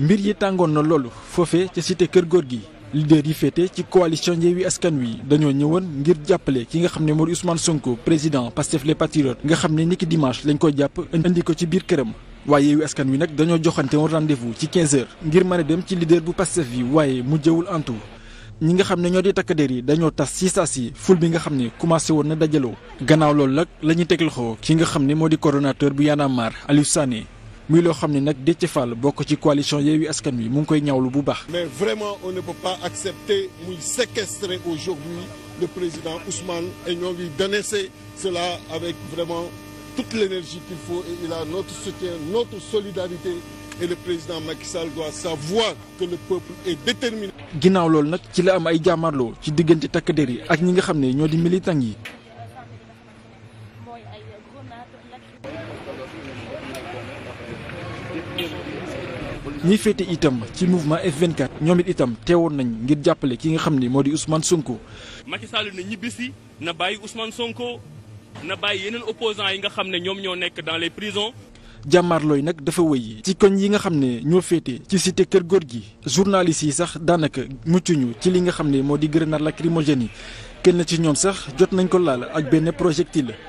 mbir yi tàngoon na loolu foofe ca cité kër góor gi leader yi féete ci coalition Yewwi Askan Wi dañoo ñëwoon ngir jàppale ki nga xam ne moo di Ousmane Sonko président Pastef les Patriotes nga xam ne niki dimanche lañ ko jàpp indi ko ci biir këram waaye Yewwi Askan Wi nag dañoo joxante woon rendez-vous ci 15 ngir mën a dem ci leader bu Pastef yi waaye mu jëwul antu ñi nga xam ne ñoo di takk yi dañoo tas si saa si ful bi nga xam ne commencé woon na dajaloo gannaaw loolu la ñuy teg loxo ki nga xam ne moo di coordonnateur bu Y'en a muy loo xam ne nag Déthié Fall bokk ci coalition Yewwi Askan Wi mu ngi koy ñaawlu bu baax. mais vraiment on ne peut pas accepter muy séquestrer aujourd'hui le président Ousmane et ñoo ngi dénoncer cela avec vraiment toute l'énergie qu'il faut et il a notre soutien notre solidarité. et le président Macky Sall doit savoir que le peuple est déterminé. ginnaaw loolu nag ci la am ay jàmmarloo ci diggante takk der yi ak ñi nga xam ne ñoo di militant yi. ñuy féete itam ci mouvement F24 ñoom it itam teewoon nañ ngir jàppale ki nga xam ni moo di Ousmane Sonko. Macky Sall na ñibbisi na bàyyi Ousmane Sonko na bàyyi yeneen opposants yi nga xam ne ñoom ñoo nekk dans les prisons. jàmmaarloo yi nag dafa wëy ci koñ yi nga xam ne ñoo féete ci cité kër góor gi journaliste yi sax daanaka muccuñu ci li nga xam ne moo di grenade lacrymogène yi kenn ci ñoom sax jot nañ ko laal ak benn projectile la.